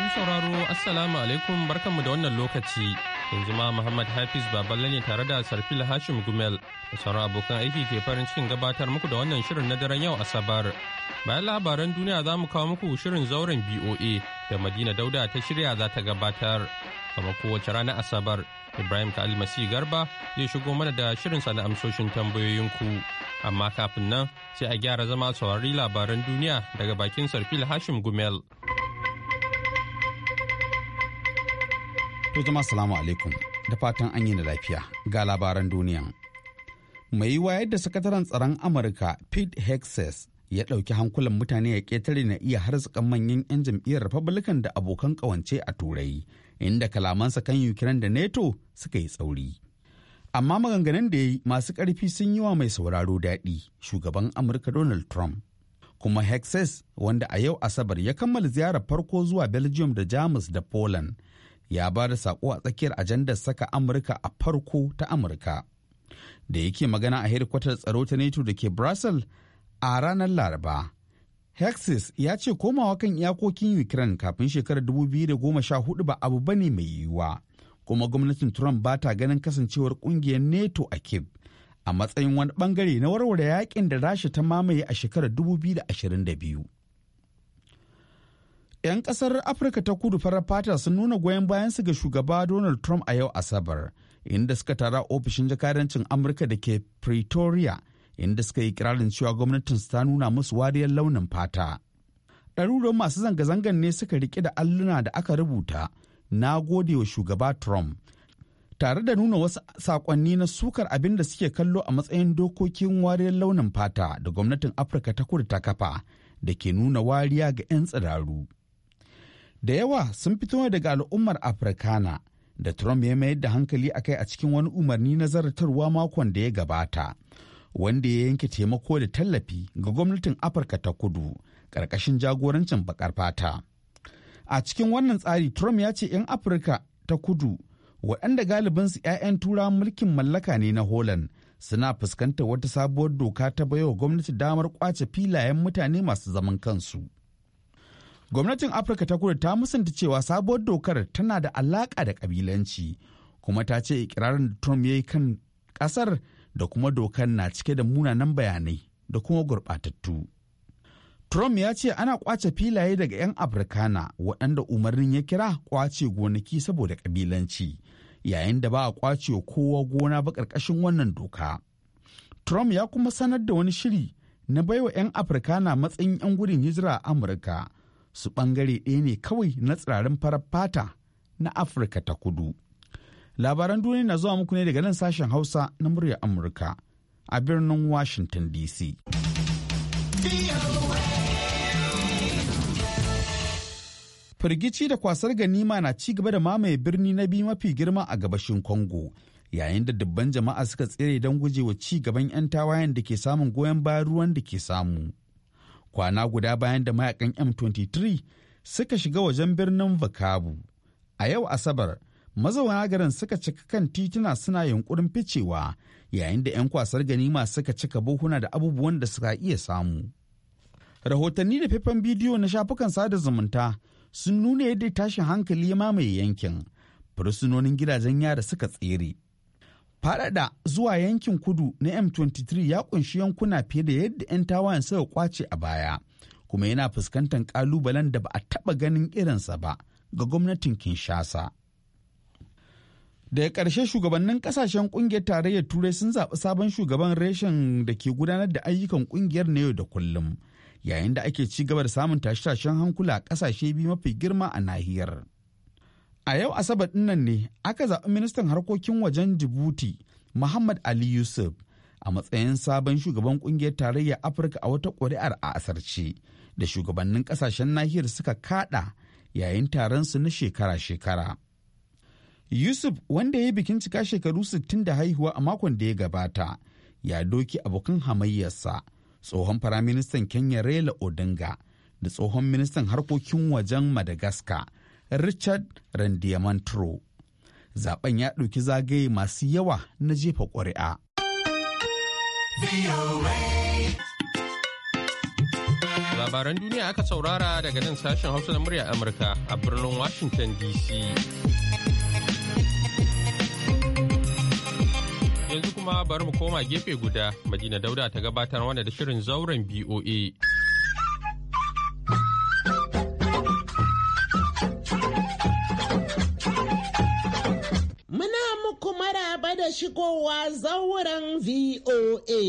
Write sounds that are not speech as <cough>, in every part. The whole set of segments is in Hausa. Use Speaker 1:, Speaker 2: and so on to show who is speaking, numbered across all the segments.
Speaker 1: Masu sauraro Assalamu alaikum barkanmu da wannan lokaci. Yanzu ma Muhammad Hafiz Baballe ne tare da Sarfil Hashim Gumel da sauran abokan aiki ke farin cikin gabatar muku da wannan shirin na daren yau Asabar. Bayan labaran duniya za mu kawo muku shirin zauren BOA da Madina Dauda ta shirya za ta gabatar. Kamar kowace rana Asabar, Ibrahim Ka'al Masih Garba zai shigo mana da shirin sa na amsoshin tambayoyinku. Amma kafin nan sai a gyara zama saurari labaran duniya daga bakin Sarfil Hashim Gumel.
Speaker 2: To zama salamu alaikum da fatan an yi na lafiya ga labaran duniya. Mai wayar da sakataren tsaron Amurka Pete Hexes ya ɗauki hankulan mutane ya ƙetare na iya harzikan manyan 'yan jam'iyyar Republican da abokan kawance a Turai, inda kalamansa kan Ukraine da NATO suka yi tsauri. Amma maganganun da ya yi masu ƙarfi sun yi wa mai sauraro daɗi, shugaban Amurka Donald Trump. Kuma Hexes, wanda a yau Asabar ya kammala ziyarar farko zuwa Belgium da Jamus da Poland, ya ba da saƙo a tsakiyar ajandar saka amurka a farko ta amurka da yake magana a hedikwatar tsaro ta NATO da ke brussels a ranar laraba hexis ya ce komawa kan iyakokin ukraine kafin shekarar 2014 ba abu bane mai yiwuwa kuma gwamnatin trump ba ta ganin kasancewar kungiyar NATO a kib a matsayin wani bangare na warware yakin da rasha ta mamaye a shekarar 2022 'Yan kasar Afirka ta kudu farar fata sun nuna goyon bayansu ga shugaba Donald Trump a yau Asabar, inda suka tara ofishin jakadancin Amurka da ke Pretoria, inda suka yi kirarin cewa gwamnatin ta nuna musu wariyar launin fata. Ɗaruruwan masu zanga-zangan ne suka rike da alluna da aka rubuta, na gode wa shugaba Trump. tare da nuna wasu sakonni na sukar abin da suke kallo a matsayin dokokin wariyar launin fata da gwamnatin afirka ta kudu ta kafa da ke nuna wariya ga 'yan tsiraru da yawa sun fito daga al'ummar Afrikana da Trump ya mayar da hankali akai a cikin wani umarni na zartarwa makon da ya gabata, wanda ya yanke taimako da tallafi ga gwamnatin Afirka ta kudu ƙarƙashin jagorancin baƙar fata. A cikin wannan tsari Trump ya ce 'yan Afirka ta kudu waɗanda galibinsu 'ya'yan tura mulkin mallaka ne na Holland suna fuskantar wata sabuwar doka ta baiwa gwamnati damar kwace filayen mutane masu zaman kansu. gwamnatin afirka ta kudu ta musanta cewa sabuwar dokar tana da alaƙa da ƙabilanci kuma ta ce ikirarin da trump ya yi kan ƙasar da kuma dokar na cike da munanan bayanai da kuma gurɓatattu trump ya ce ana kwace filaye daga 'yan afirkana waɗanda umarnin ya kira kwace gonaki saboda kabilanci yayin da ba a kwace kowa gona ba ƙarƙashin wannan doka trump ya kuma sanar da wani shiri na baiwa 'yan afirkana matsayin 'yan gudun hijira a amurka su ɓangare ɗaya ne kawai na tsirarin farar fata na afirka ta kudu labaran duniya na zuwa muku ne daga nan sashen hausa na muryar amurka a birnin washington dc firgici da kwasar ganima na ci gaba da mamaye birni na biyu mafi girma a gabashin congo yayin da dubban jama'a suka tsere don gujewa ci gaban 'yan tawayen da ke samun goyon bayan ruwan da ke samu kwana guda bayan da mayakan M23 suka shiga wajen birnin Vakabu. A yau Asabar, mazauna garin suka cika kan tituna suna yunkurin ficewa yayin da 'yan kwasar ganima suka cika buhuna da abubuwan da suka iya samu. Rahotanni da faifan bidiyo na shafukan sada zumunta sun nuna yadda tashin hankali ya mamaye yankin. Fursunonin gidajen yara suka tsere. faɗaɗa zuwa yankin kudu na M23 ya kunshi yankuna fiye da yadda 'yan tawayen suka kwace a baya, kuma yana fuskantar ƙalubalen da ba a taɓa ganin irinsa ba ga gwamnatin Kinshasa. Daga ƙarshe shugabannin ƙasashen ƙungiyar tarayyar Turai sun zaɓi sabon shugaban reshen da ke gudanar da ayyukan ƙungiyar na yau da kullum, yayin da ake ci gaba da samun tashe-tashen hankula a ƙasashe biyu mafi girma a nahiyar. a yau asabar dinnan ne aka zaɓi ministan harkokin wajen jibuti muhammad ali yusuf a matsayin sabon shugaban kungiyar tarayyar afirka a wata ƙuri'ar a asarci. da shugabannin ƙasashen nahiyar suka kaɗa yayin taron su na shekara-shekara yusuf wanda ya yi bikin cika shekaru 60 da haihuwa a makon da ya gabata ya doki abokan hamayyarsa tsohon firaministan kenya raila odinga da tsohon ministan harkokin wajen madagascar richard randiamantro zaben ya ɗauki zagaye masu yawa na jefa ƙuri'a.
Speaker 1: labaran duniya aka saurara daga nan sashen hausa na murya amurka a birnin washington dc yanzu kuma bari mu koma gefe guda madina dauda ta gabatar wanda da shirin zauren boa
Speaker 3: shigowa zauren VOA.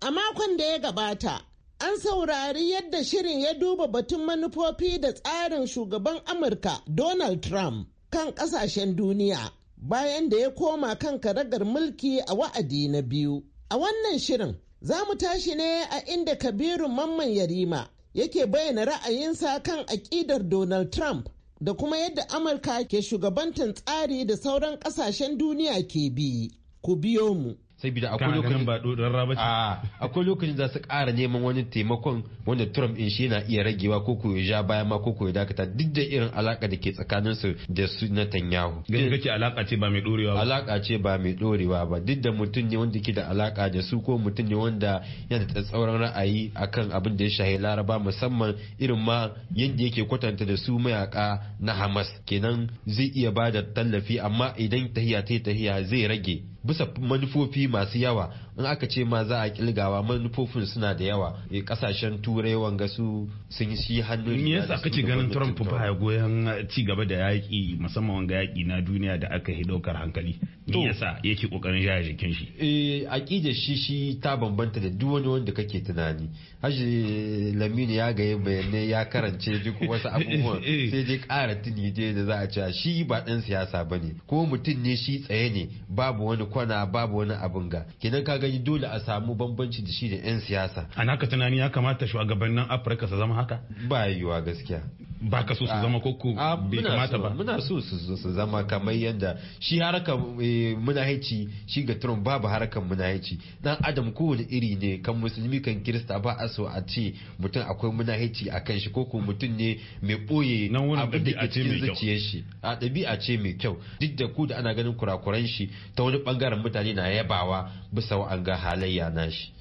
Speaker 3: A makon da ya gabata, an saurari yadda shirin ya duba batun manufofi da tsarin shugaban Amurka Donald Trump kan ƙasashen duniya bayan da ya koma kan karagar mulki a wa'adi na biyu. A wannan shirin, za mu tashi ne a inda Kabiru Mamman Yarima yake bayyana ra'ayinsa kan aƙidar Donald Trump da kuma yadda Amurka ke shugabantar tsari da sauran kasashen duniya ke bi. Ku biyo mu
Speaker 4: saboda akwai lokacin ba rarra ce akwai lokacin za su ƙara neman wani taimakon wanda Trump in shi na iya ragewa ko ko ya ja baya ma ko ko ya dakata duk da irin alaka da ke tsakanin su da su tanyahu ganin kake alaka ce ba mai dorewa ba alaka ce ba mai dorewa ba duk da mutum ne wanda ke da alaka da su ko mutum ne wanda yana da tsauran ra'ayi akan abin da ya shahi Laraba musamman irin ma yadda yake kwatanta da su mayaka na Hamas kenan zai iya ba da tallafi amma idan tahiya ta tahiya zai rage bisa manufofi masu yawa in aka ce ma za a kilgawa manufofin suna da yawa kasashen eh, turai wanga su sun shi hannun me yasa kake ganin Trump ba ya
Speaker 5: goyon ci gaba da yaƙi musamman wanga yaƙi na duniya da aka yi ɗaukar hankali me yasa yake kokarin jaya jikin shi
Speaker 4: eh aqida shi shi ta bambanta da duk wani wanda kake tunani haji lamini ya ga bayanai ya karance duk wasu abubuwan <laughs> eh. sai dai ƙara tuni dai da za a ce shi ba dan siyasa bane ko mutum ne shi tsaye ne babu wani kwana babu wani abun ga kenan ka gani dole a samu bambanci da shi da yan siyasa
Speaker 5: a naka tunani ya kamata shugabannin Afirka su zama haka ba yiwuwa gaskiya ba ka so su zama koko bai kamata ba muna
Speaker 4: so su zama kamar yadda shi eh, muna haici shi ga Trump babu harkar haici dan adam kowane iri ne kan musulmi kan kirista ba a so a ce mutum akwai haici a kan shi koko mutum ne mai boye abin da ke cikin zuciyar shi a ɗabi'a ce mai kyau duk da ku da ana ganin kurakuran shi ta wani bangaren mutane na yabawa bisa ga halayya na shi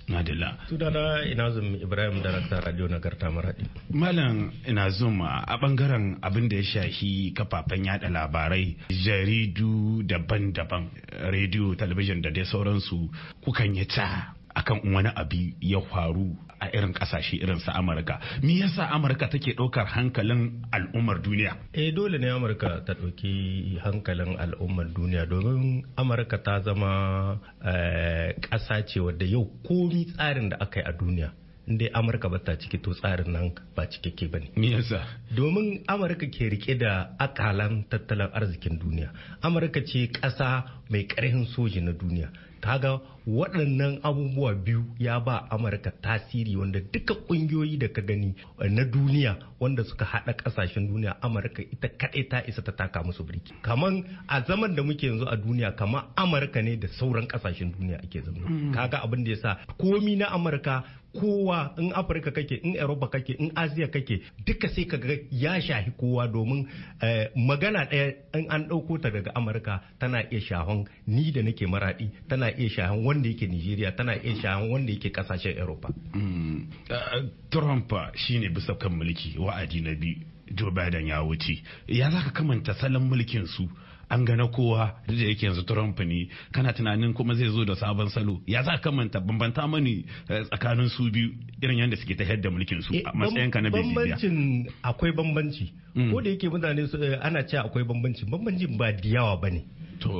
Speaker 5: Tudana ina zum Ibrahim Darakta Radio na Karta Maradi. Malam Inazum a bangaren abin da ya shahi kafafen yada labarai jaridu daban-daban radio talabijin da dai sauransu kukan yi ta akan wani abu ya faru a irin kasashe irin su amurka me yasa amurka take ɗaukar hankalin al'ummar duniya eh dole ne amurka ta
Speaker 6: ɗauki hankalin al'ummar duniya domin amurka ta zama eh, ƙasa ce wadda yau komi tsarin da aka yi a duniya dai amurka ba ta ciki to tsarin nan ba cikakke ba ne yasa domin amurka ke rike da akalan tattalin arzikin duniya amurka ce ƙasa mai ƙarfin soji na duniya kaga waɗannan abubuwa biyu ya ba amurka tasiri wanda duka ƙungiyoyi da ka gani eh, na duniya wanda suka haɗa ƙasashen duniya amurka ita kaɗai ta isa ta taka musu birki kaman a zaman da muke yanzu a duniya kamar amurka ne da sauran ƙasashen duniya ake zama mm. kaga abin da ya sa komi na amurka kowa in afirka kake in europa kake in asiya kake duka sai ka ga ya shahi kowa domin eh, magana ɗaya in an ɗauko ta daga amurka tana iya shahon ni da nake maraɗi tana iya shahon
Speaker 5: wanda yake nigeria tana iya shahon wanda yake kasashen europa mm, eh, trump shine bisa kan mulki wa'adi na biyu joe ya wuce ya za ka kamanta salon mulkin su an gana kowa duk da yake yanzu Trump ne kana tunanin kuma zai zo da sabon salo ya za ka manta bambanta mani eh, tsakanin su biyu irin yadda suke ta da mulkin su eh, a matsayin ka na bambancin akwai bambanci mm. ko da
Speaker 6: yake mutane eh, ana ce akwai bambanci bambancin ba da yawa bane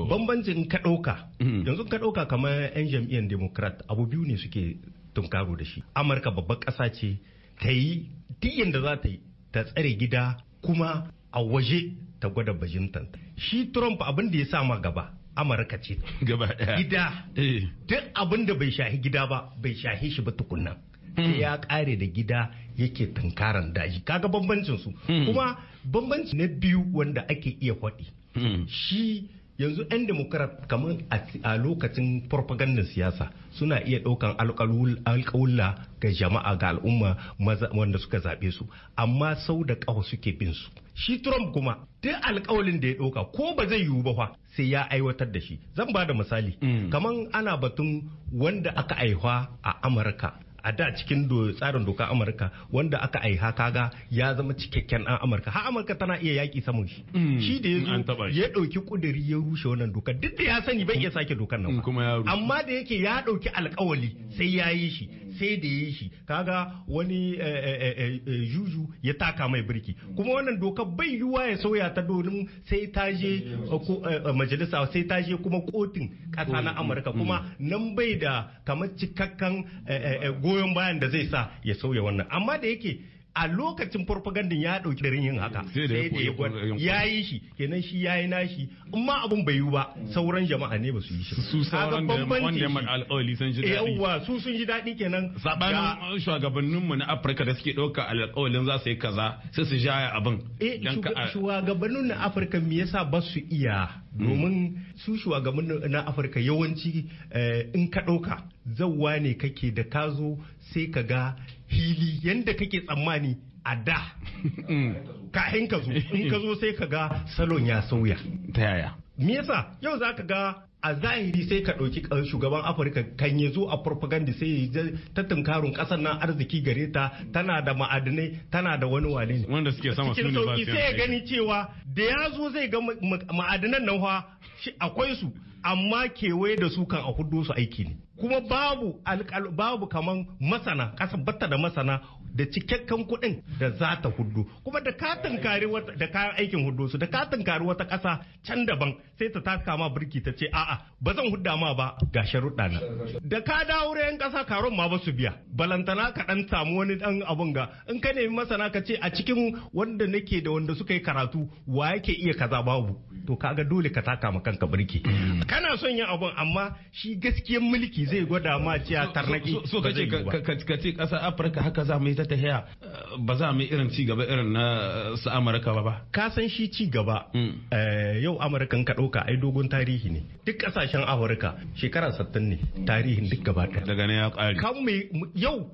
Speaker 6: bambancin ka dauka mm. yanzu ka dauka kamar 'yan jam'iyyar democrat abu biyu ne suke tunkaro da shi amurka babbar ƙasa ce ta yi duk yadda za ta yi ta tsare gida kuma a waje ta gwada bajintan shi trump abin da ya sa ma gaba amurka ce <laughs> gaba gida eh. duk abin da bai shahi gida ba bai shahi shi ba tukunna hmm. ya kare da gida yake tunkaran daji kaga bambancin su hmm. kuma bambanci na biyu wanda ake iya faɗi hmm. shi yanzu 'yan demokrat kamar a lokacin farfagandar siyasa suna iya ɗaukan alƙawulla ga jama'a ga al'umma wanda suka zaɓe su amma sau da ƙawa suke bin su shi Trump kuma duk alkawalin da ya ɗauka ko ba zai yiwu ba fa sai ya aiwatar da shi zan ba da misali mm. kaman ana batun wanda aka aihwa a Amurka a da cikin tsarin doka amurka wanda aka aiha ga ya zama cikakken an amurka har amurka tana iya yaki saman shi mm, shi da ya dauki kudiri ya rushe wannan doka duk da ya sani bai iya mm, sake dokar nan amma da yake ya ɗauki alkawali sai ya yi shi sai da ya yi shi kaga wani eh, eh, eh, juju ya taka mai birki kuma wannan doka bai yiwuwa ya sauya ta domin sai ta je majalisa sai ta je kuma kotun kasa na amurka mm. kuma nan bai da kamar cikakken goyon bayan da zai sa ya sauya wannan amma da yake a lokacin farfagandun ya dauki darin yin haka sai da ya yi shi kenan shi ya yi nashi ma abun bai yi ba sauran jama'a ne ba su yi shi su sauran da wanda mai
Speaker 5: alƙawali sun ji daɗi yawa
Speaker 6: su sun ji daɗi kenan sabanin
Speaker 5: shugabannin mu na Afirka da suke ɗauka alƙawalin za su yi kaza sai su jaya abin eh,
Speaker 6: shugabannin na Afirka me yasa ba su iya hmm. domin su shugabannin na Afirka yawanci eh, in ka ɗauka zawwa ne kake da ka zo sai ka ga fili yadda kake tsammani a da <laughs> kahin ka zo in ka zo <laughs> sai ka ga salon ya
Speaker 5: sauya ta
Speaker 7: yaya
Speaker 6: me yasa yau za ka ga a zahiri sai ka ɗauki eh, shugaban afirka kan ya zo a farfaganda sai ya ta tunkarun ƙasar nan arziki gare ta tana da ma'adinai tana da wani
Speaker 5: wane ne wanda suke sama su ne ba su sai ya gani
Speaker 6: cewa da ya zo zai ga ma'adinan nan akwai su amma kewaye da su kan a hudu su aiki ne kuma babu babu kaman masana kasa da masana da cikakken kuɗin da za ta hudu kuma da ka tunkari da kayan aikin hudu su da ka tunkari wata ƙasa can daban sai ta taka ma birki ta ce a'a ba zan hudda ma ba ga sharuɗa na da ka dawo yan ƙasa karon ma ba su biya balantana ka dan samu wani dan abun ga in ka nemi masana ka ce a cikin wanda nake da wanda suka yi karatu wa yake iya kaza babu
Speaker 5: to kaga dole ka taka ma kanka birki
Speaker 6: kana son yin abun amma shi gaskiyar mulki
Speaker 5: zai gwada ma ciya tarnaki so ce ka ce ƙasar Afirka haka za mu yi ta tahiya eh, ba za mu irin ci gaba irin na eh, su amurka ba ba ka san shi ci gaba mm.
Speaker 6: eh, yau amurkan ka ɗauka ai dogon tarihi ne duk ƙasashen afirka shekara sattin ne tarihin duk gaba ɗaya daga ne ya ƙare kan yau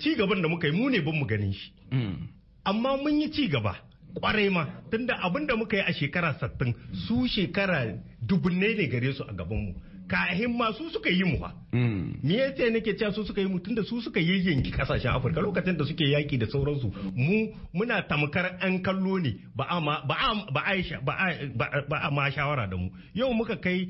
Speaker 6: ci gaban da muka yi mu ne ban mu ganin shi mm. amma mun yi ci gaba kwarai ma tunda abin da muka yi a shekara sattin su shekara dubunne ne gare su a gabanmu kahin ma su suka yi mu fa hmm. me yace nake cewa su suka yi mu da su suka yi yanki kasashen Afirka lokacin da suke yaki da sauransu mu muna tamkar an kallo ne ba a ba a ma shawara da mu yau muka kai eh,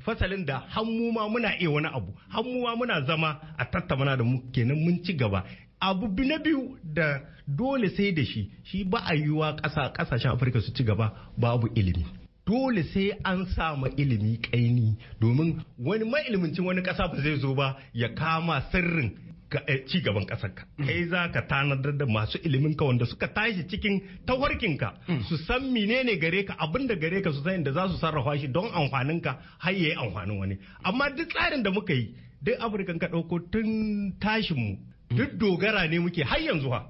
Speaker 6: fasalin da hannu ma muna iya wani abu hannu ma muna zama a tattauna da mu kenan mun ci gaba abu na biyu da dole sai da shi shi ba a yiwa ƙasa ƙasashen afirka su ci gaba babu ilimi dole sai an samu ilimi kaini domin wani mailiminci wani kasa ba zai zo ba ya kama sirrin eh, ci gaban ka mm. kai za ka tanadar da masu ilimin ka wanda suka tashi cikin ka. Mm. su san menene gare ka abin da gare ka su san da za su sarrafa shi don amfanin ka har yayi amfanin wani amma duk tsarin da muka yi duk afirkan ka ɗauko tun mu mm. duk dogara ne muke har yanzu ha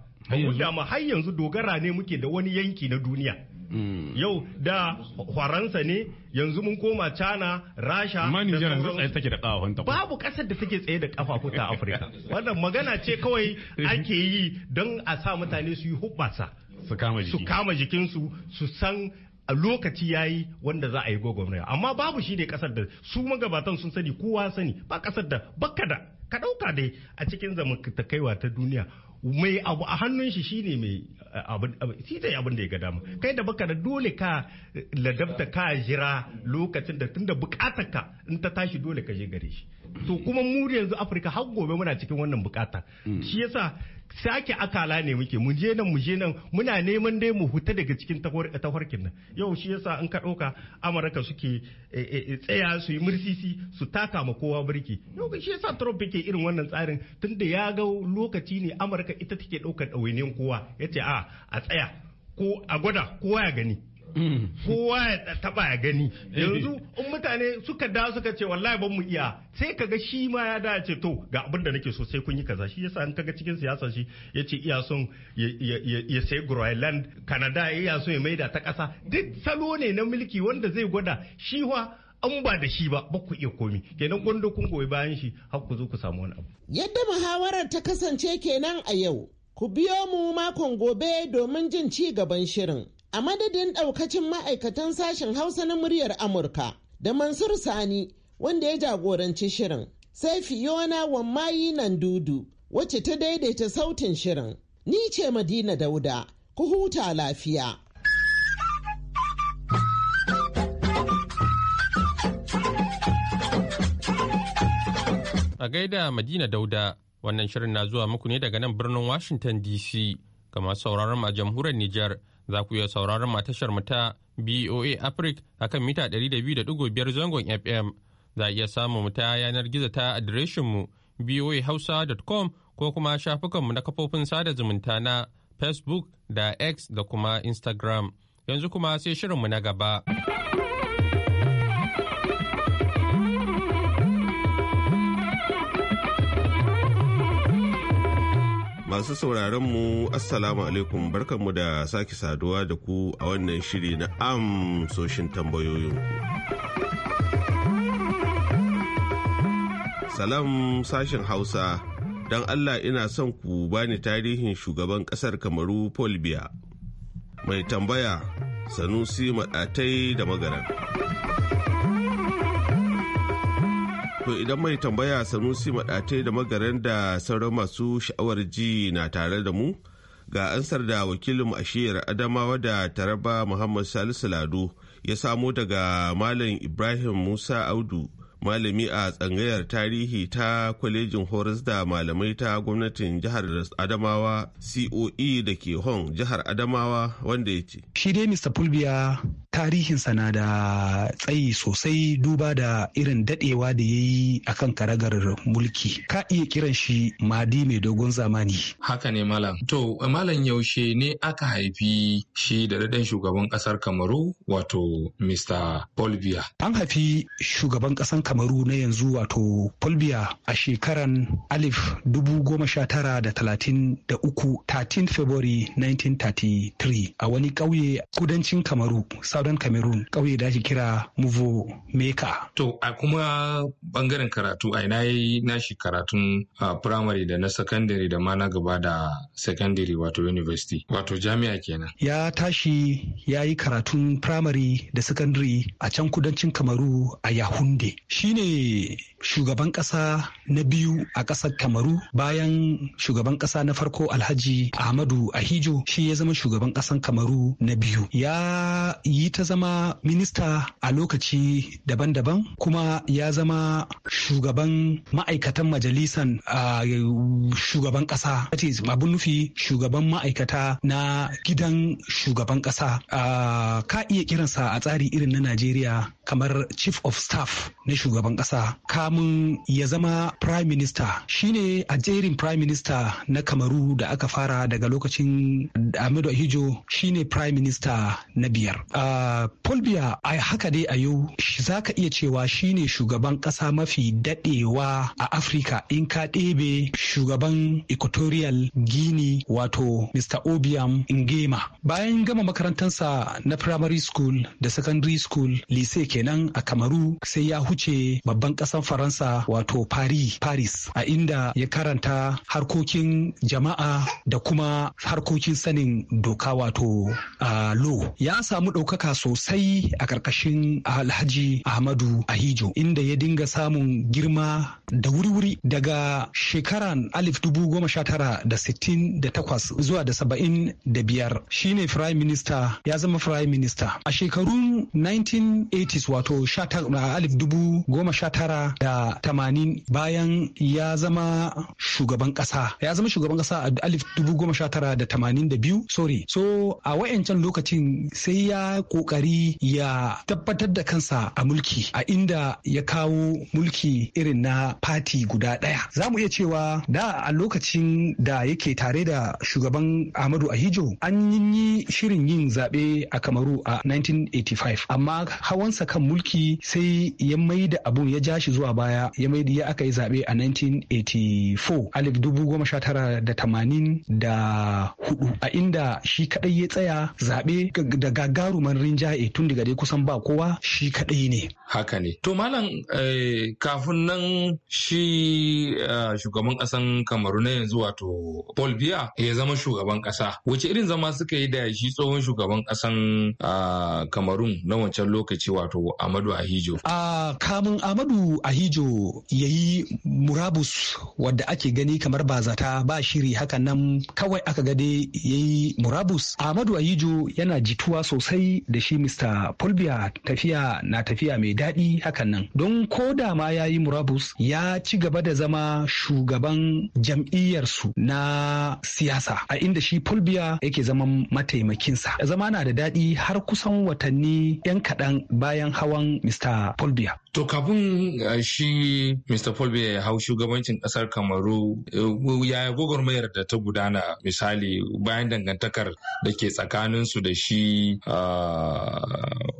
Speaker 6: har yanzu dogara ne muke da wani yanki na duniya Mm. yau da faransa ne yanzu mun koma China rasha da babu kasar da take tsaye da kafafunta a afirka <laughs> wannan magana ce kawai ake yi don a sa mutane su yi hubbasa su kama jikinsu su san a lokaci ya yi wanda za a yi gwagwamnaya amma babu shi ne kasar da su magabatan sun sani kowa sani ba kasar da bakka da ka ɗauka dai a cikin zamantakewa ta duniya mai abu a hannun shi shine mai eh, shi dai abin da ya ga dama kai da baka da dole ka ladabta ka jira lokacin da tunda bukatar ka in ta tashi dole ka je gare shi to kuma mu yanzu afirka har gobe muna cikin wannan bukata hmm. shi yasa sake akala ne muke mu je nan mu je nan muna neman dai mu huta daga cikin tafarkin nan yau shi yasa in ka ɗauka amurka suke eh, eh, tsaya su yi mursisi su taka ma kowa birki yau shi yasa trump suke irin wannan tsarin tunda ya ga lokaci ne amurka ita take ɗaukar ɗawainiyar kowa ya ce a a tsaya ko a gwada kowa ya gani mm. kowa ya taba ya gani eh. yanzu in mutane suka da suka ce wallahi ban mu iya sai kaga shi ma ya da ce to ga abin da nake so sai kun yi kaza shi yasa an kaga cikin siyasa shi ya ce iya son ya sai Groenland Canada ya iya son ya maida ta kasa duk salo ne na mulki wanda zai gwada shi wa an ba da shi ba ba iya komi kenan
Speaker 3: gwanda kun goyi bayan shi har ku zo ku samu wani abu. Yadda muhawarar ta kasance kenan a yau, ku biyo mu makon gobe domin jin ci gaban shirin. A madadin ɗaukacin ma'aikatan sashen Hausa na muryar Amurka da Mansur Sani wanda ya jagoranci shirin, sai Fiona Wammayi nan dudu wacce ta daidaita sautin shirin. Ni ce Madina Dauda, ku huta lafiya.
Speaker 1: A gaida Madina Dauda, wannan shirin na zuwa muku ne daga nan birnin Washington DC. Kamar sauraron a jamhuriyar Nijar, za ku iya sauraron a tashar mu ta BOA Africa akan mita 200.5 zangon FM. Za a iya samun mu ta yanar gizo ta adireshin mu boahausa.com ko kuma shafukanmu na kafofin sada zumunta na Facebook da X da kuma Instagram. Yanzu kuma sai shirinmu na gaba.
Speaker 7: Masu sauraron mu Assalamu alaikum barkanmu da sake saduwa da ku a wannan shiri na amsoshin tambayoyin Salam sashen Hausa, don Allah ina son ku bani tarihin shugaban kasar Kamaru Paul Biya. Mai tambaya Sanusi Maɗatai da Magana. To idan mai tambaya Sanusi Maɗate da magaran da sauran masu sha'awar ji na tare da mu ga ansar da wakilin ashiyar Adamawa da Taraba Muhammad Salisu Lado ya samo daga Malam Ibrahim Musa Audu malami a tsangayar tarihi ta kwalejin horas da malamai ta gwamnatin jihar adamawa coe da ke hong jihar adamawa wanda ya ce
Speaker 8: shi dai mr fulbiya tarihinsa na da tsayi sosai duba da irin dadewa da ya yi a kan karagar mulki ka iya kiran shi madi mai dogon zamani
Speaker 9: haka ne malam to malam yaushe ne aka haifi shi da daɗin shugaban ƙasar kamaru wato mr polvia
Speaker 8: an haifi shugaban ƙasar kamaru na yanzu wato polvia a shekaran alif dubu goma sha tara da talatin da uku 13 february 1933 a wani ƙauye kudancin kamaru southern cameroon ƙauye da ake kira muvo meka
Speaker 9: to a kuma bangaren karatu a ina yi nashi karatun primary da na secondary da ma na gaba da secondary wato university wato jami'a kenan
Speaker 8: ya tashi ya yi karatun primary da secondary a can kudancin kamaru a yahunde shine shugaban ƙasa na biyu a ƙasar Kamaru bayan shugaban ƙasa na farko Alhaji Ahmadu Ahijo shi ya zama shugaban ƙasan Kamaru na biyu. Ya yi ta zama minista a lokaci daban-daban kuma ya zama shugaban ma'aikatan majalisan shugaban ƙasa. abin nufi shugaban ma'aikata na gidan shugaban ƙasa. Ka iya kiransa a tsari irin na Najeriya kamar chief of staff na shugaban kasa kamun ya zama prime minister shine a jerin prime minister na kamaru da aka fara daga lokacin Amadu Ahijo shine prime minister na biyar. a Paul Biya a haka dai a yau za ka iya cewa shine shugaban kasa mafi dadewa a Afirka in ka ɗebe shugaban Equatorial Guinea wato Mr. Obiam Ngema. Bayan gama makarantarsa na primary school da secondary school lise ke kenan a kamaru sai ya huce babban ƙasar faransa wato paris a inda ya karanta harkokin jama'a da kuma harkokin sanin doka wato uh, lo ya samu ɗaukaka sosai a ƙarƙashin alhaji ahmadu ahijo inda ya dinga samun girma da wuri-wuri daga shekaran alif dubu goma sha tara da sittin da takwas zuwa da saba'in da biyar shine prime minister ya zama prime minister a shekarun 1980s wato alif dubu goma sha tara da tamanin bayan ya zama shugaban kasa ya zama shugaban kasa a alif dubu goma sha tara da tamanin da biyu sorry so a wayancan lokacin sai ya kokari ya tabbatar da kansa a mulki a inda ya kawo mulki irin na pati guda daya za mu iya cewa da a lokacin da yake tare da shugaban ahmadu ahijo an yi shirin yin zaɓe a kamaru a 1985 amma hawansa akan mulki sai ya mai da abun ya ja shi zuwa baya ya mai da ya aka yi zaɓe a 1984 alif dubu goma sha tara da tamanin da hudu a inda shi kaɗai ya tsaya zaɓe da gagaruman rinjaye tun daga dai kusan ba kowa shi kaɗai ne.
Speaker 9: Haka ne. To malam eh, kafin nan shi eh, shugaban ƙasan Kamaru na yanzu wato Paul Biya ya zama shugaban ƙasa. Wace irin zama suka yi da shi tsohon shugaban ƙasan ah, Kamarun na wancan lokaci wato wato Amadu Ahijo.
Speaker 8: A kamun Amadu Ahijo ya yi murabus wadda ake gani kamar ba zata ba shiri hakan nan kawai aka gade ya yi murabus. Amadu Ahijo yana jituwa sosai da shi Mr. Fulbiya tafiya na tafiya mai daɗi hakan nan. Don ko da ma ya yi murabus ya ci gaba da zama shugaban jam'iyyarsu na siyasa a inda shi Fulbiya yake zaman mataimakinsa. Zama na da daɗi har kusan watanni 'yan kaɗan bayan hawan Mr. Paul Biya.
Speaker 9: To kafin eh, shi Mr. Paul ya hau shugabancin kasar Kamaru eh, ya gwagwarmayar da ta gudana misali bayan dangantakar da ke tsakaninsu da shi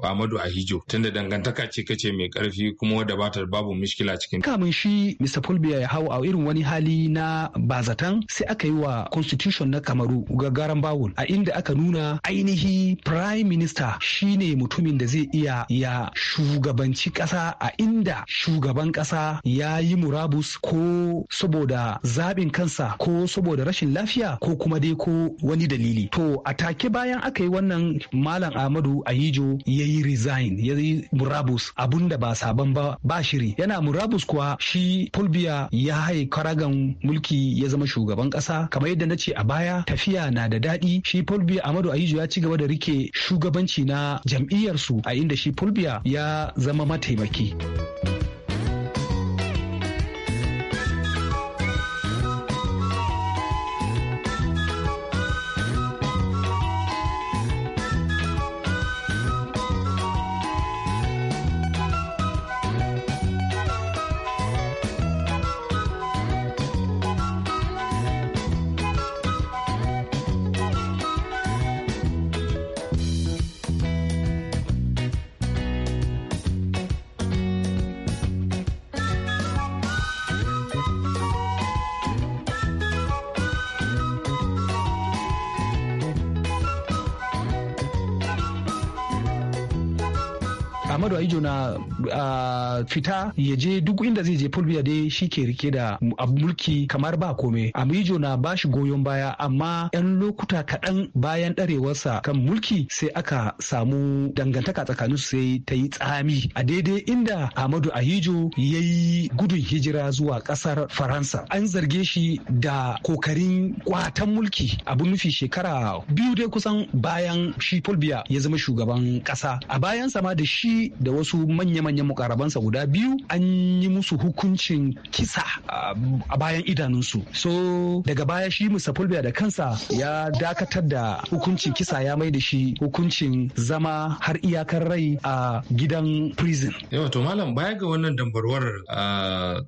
Speaker 9: Amadu ah, Ahijo tunda dangantaka ce kace mai karfi kuma wadda ba ta babu mishkila cikin.
Speaker 8: Kamin shi Mr. Paul ya hau a irin wani hali na bazatan sai aka yi wa constitution na Kamaru gagaran bawul a inda aka nuna ainihi prime minister shine mutumin da zai iya ya shugabanci kasa a inda shugaban ƙasa ya yi murabus ko saboda zaɓin kansa ko saboda rashin lafiya ko kuma dai ko wani dalili. To a take bayan aka yi wannan Malam Ahmadu Ayijo ya yi resign ya yi murabus abun da ba sabon ba ba shiri yana murabus kuwa shi Fulbiya ya haye karagan mulki ya zama shugaban ƙasa kamar yadda na ce a baya tafiya na da daɗi shi Fulbiya Ahmadu Ayijo ya ci gaba da rike shugabanci na jam'iyyarsu a inda shi Fulbiya ya zama mataimaki. alheri. Amadu Aijo na fita ya je duk inda zai je Fulbiya dai shi ke rike da mulki kamar ba kome. Amijo na ba shi goyon baya amma 'yan lokuta kaɗan bayan ɗarewarsa kan mulki sai aka samu dangantaka tsakanin su sai ta yi tsami a daidai inda Amadu Ahijo ya yi gudun hijira zuwa ƙasar Faransa. An zarge shi da kokarin kwatan mulki abu nufi shekara biyu dai kusan bayan shi Fulbiya ya zama shugaban ƙasa. A bayan sama da shi da wasu manya-manyan mukarabansa guda biyu an yi musu hukuncin kisa a bayan idanunsu so daga baya shi musa fulbiya da kansa ya dakatar da hukuncin kisa ya mai da shi hukuncin zama har iyakar rai a gidan
Speaker 9: prison yawa to malam baya ga wannan dambarwar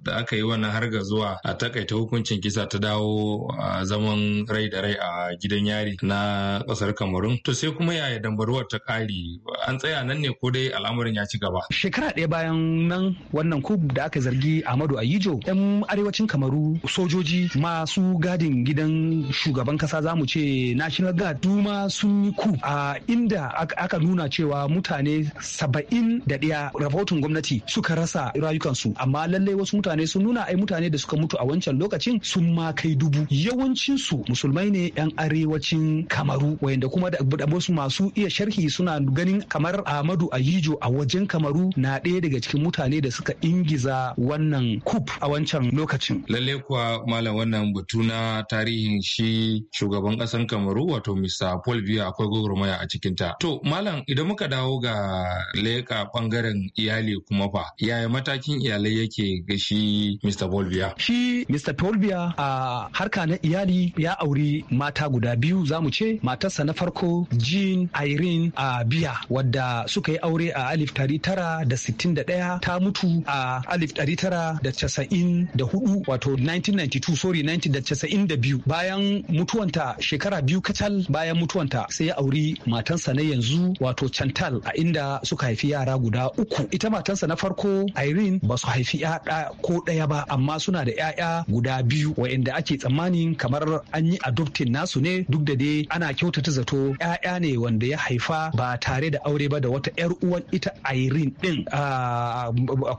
Speaker 9: da aka yi wannan harga zuwa a takaita hukuncin kisa ta dawo zaman rai da rai a gidan yari na kasar kamarun to sai kuma yaya dambarwar ta kare an tsaya nan ne ko dai al'amarin lamarin ya ci gaba.
Speaker 8: Shekara ɗaya bayan nan wannan kub da aka zargi Ahmadu Ayijo 'yan arewacin Kamaru sojoji masu gadin gidan shugaban kasa za mu ce National Guard duma sun yi kub a inda aka nuna cewa mutane saba'in da ɗaya rahoton gwamnati suka rasa rayukansu amma lallai wasu mutane sun nuna ai mutane da suka mutu a wancan lokacin sun ma kai dubu yawancinsu musulmai ne 'yan arewacin Kamaru wayanda kuma da wasu masu iya sharhi suna ganin kamar Ahmadu Ayijo a wajen kamaru na ɗaya daga cikin mutane da suka ingiza wannan kup a wancan lokacin
Speaker 9: lalle kuwa malam wannan batu na tarihin shi shugaban ƙasan kamaru wato mr paul biya akwai gwagwarmaya a ta. to malam idan muka dawo ga leƙa ɓangaren iyali kuma fa yaya matakin iyalai yake ga shi
Speaker 8: mr paul biya shi mr paul biya a harka na iyali ya auri mata guda biyu za mu ce matarsa na farko jean irene a biya wadda suka yi aure a alif dari tara da sittin da ɗaya ta mutu a alif dari tara da casa'in da hudu wato 1992 sorry da casa'in da biyu bayan mutuwanta shekara biyu kacal bayan mutuwanta sai ya auri matansa na yanzu wato cantal a inda suka haifi yara guda uku ita matansa na farko irene ba su haifi yada ko ɗaya ba amma suna da 'ya'ya guda biyu wayanda ake tsammanin kamar an yi adoptin nasu ne duk da dai ana kyautata zato 'ya'ya ne wanda ya haifa ba tare da aure ba da wata 'yar uwan ita irene din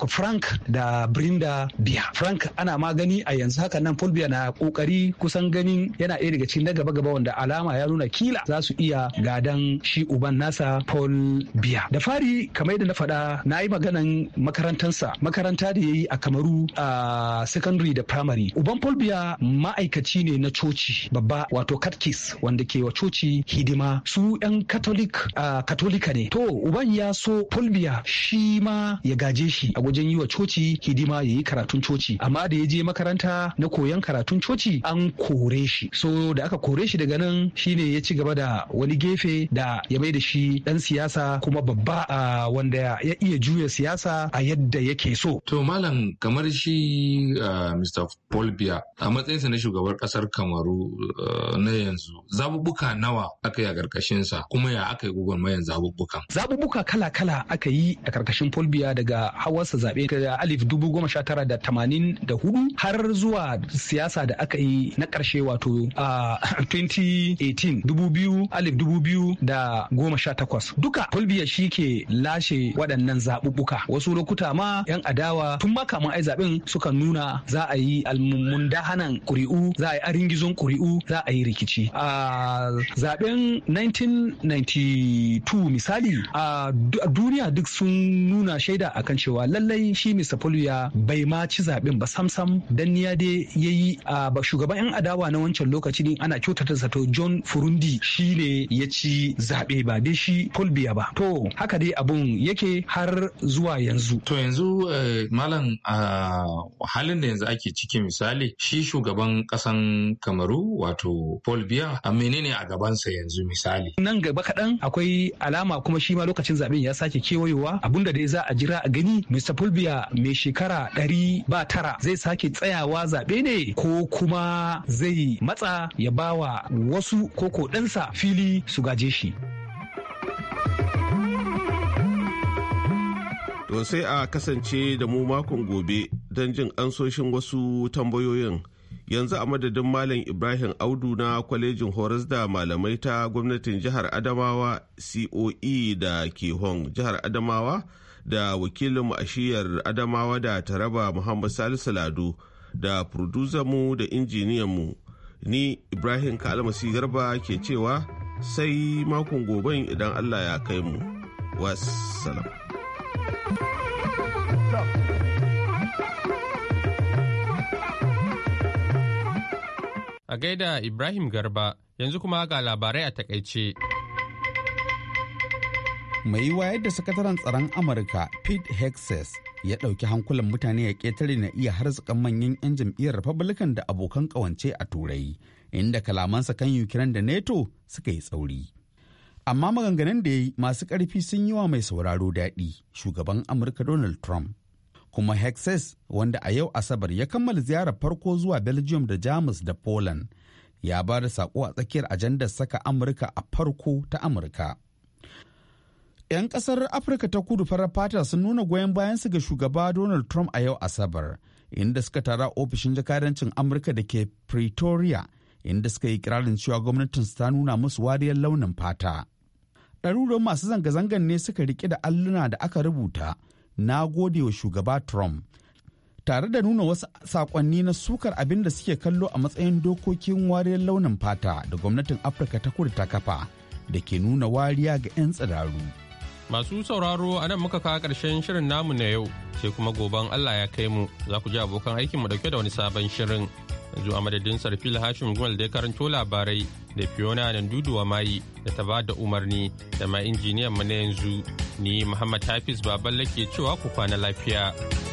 Speaker 8: frank da brinda biya frank ana magani a yanzu haka nan Fulbia na kokari kusan ganin yana ɗaya daga cikin gaba gaba wanda alama ya nuna kila za su iya gadan shi uban nasa paul biya da fari kamar yadda na faɗa na yi maganan makarantansa makaranta da ya yi a kamaru a secondary da primary uban paul biya ma'aikaci ne na coci babba wato katkis wanda ke wa coci hidima su yan katolik katolika ne to uban ya so fulbiya shi ma ya gaje shi a wajen yi wa coci hidima ya yi karatun coci amma da ya je makaranta na koyon karatun coci an kore shi so da aka kore shi daga nan shi ne ya ci gaba da wani gefe da ya mai da shi ɗan siyasa kuma babba a wanda ya iya juya siyasa a yadda yake so to malam kamar shi
Speaker 9: mr paul a matsayinsa na shugabar ƙasar kamaru na yanzu zabubuka nawa aka yi a ƙarƙashinsa kuma ya aka yi mayan zabubukan
Speaker 8: zabubuka kala-kala aka yi a karkashin Fulbiya daga hawarsa zaɓe da alif dubu goma sha tara da tamanin da hudu har zuwa siyasa da aka yi na ƙarshe wato a 2018 <coughs> dubu biyu alif dubu biyu da goma sha takwas duka Fulbiya shi ke lashe waɗannan zaɓuɓɓuka wasu lokuta ma 'yan adawa tun ma kamun ai zaɓen suka nuna za a yi almummun dahanan ƙuri'u za a yi aringizon ƙuri'u za a yi rikici a zaɓen 1992 misali a duniya duniya duk sun nuna shaida akan cewa lallai shi Mr. Folwaya bai ma ci zaɓen ba samsam dan niya dai yayi a shugaban 'yan adawa na wancan lokaci din ana kyautata zato John Furundi shi ne ya ci zaɓe ba dai shi biya ba. To haka dai abun yake har zuwa yanzu. To yanzu eh, malam a
Speaker 9: halin da yanzu ake ciki misali shi shugaban ƙasan Kamaru wato Paul Biya
Speaker 8: a menene a gabansa yanzu misali. Nan gaba kaɗan akwai alama kuma shi ma lokacin zaɓen ya sake kewayowa abinda dai za a jira a gani Mr. Fulbiya mai shekara ɗari ba tara zai sake tsayawa zaɓe ne ko kuma zai matsa ya bawa wasu koko ɗansa fili su gaje shi.
Speaker 7: To sai a kasance da mu makon gobe don jin ansoshin wasu tambayoyin. yanzu a madadin malam ibrahim audu na kwalejin horas da malamai ta gwamnatin jihar adamawa coe da kehon jihar adamawa da wakilin ashiyar adamawa da taraba muhammad salisu lado da mu da mu ni ibrahim kalmasi garba ke cewa sai makon goben idan allah ya kai mu wassalam.
Speaker 1: A gaida Ibrahim Garba yanzu kuma ga labarai a takaice.
Speaker 2: Mai wayar da sakataren tsaron Amurka Pete Hexes ya ɗauki hankulan mutane ya ƙetare na iya harzikan manyan 'yan jam'iyyar Republican da abokan ƙawance a Turai, inda kalamansa kan Ukraine da NATO suka yi tsauri. Amma maganganun da ya yi masu ƙarfi sun yi wa mai sauraro daɗi, shugaban Amurka Donald Trump kuma hexes wanda a yau asabar ya kammala ziyarar farko zuwa belgium da jamus da poland ya ba da sako a tsakiyar ajandar saka amurka a farko ta amurka 'yan kasar afirka ta kudu farar fata sun nuna goyon su ga shugaba donald trump a yau asabar inda suka tara ofishin jakadancin amurka da ke pretoria inda suka yi kirarin cewa gwamnatin ta nuna musu wariyar launin fata ɗaruruwan masu zanga zangan ne suka riƙe da alluna da aka rubuta na gode wa shugaba Trump. Tare da nuna wasu sakonni na sukar abin da suke kallo a matsayin dokokin wariyar launin fata da gwamnatin Afirka ta kudu ta kafa da ke nuna wariya ga 'yan tsiraru.
Speaker 1: Masu sauraro a nan muka kawo ƙarshen shirin namu na yau sai kuma goben Allah ya kai mu za ku ji abokan aikinmu dauke da wani sabon shirin. yanzu a madadin sarfil hashim gwal da ya karanto labarai da fiona nan duduwa mayi da ta ba da umarni da ma injiniyan mu na yanzu ni muhammad hafiz baballe ke cewa ku kwana lafiya.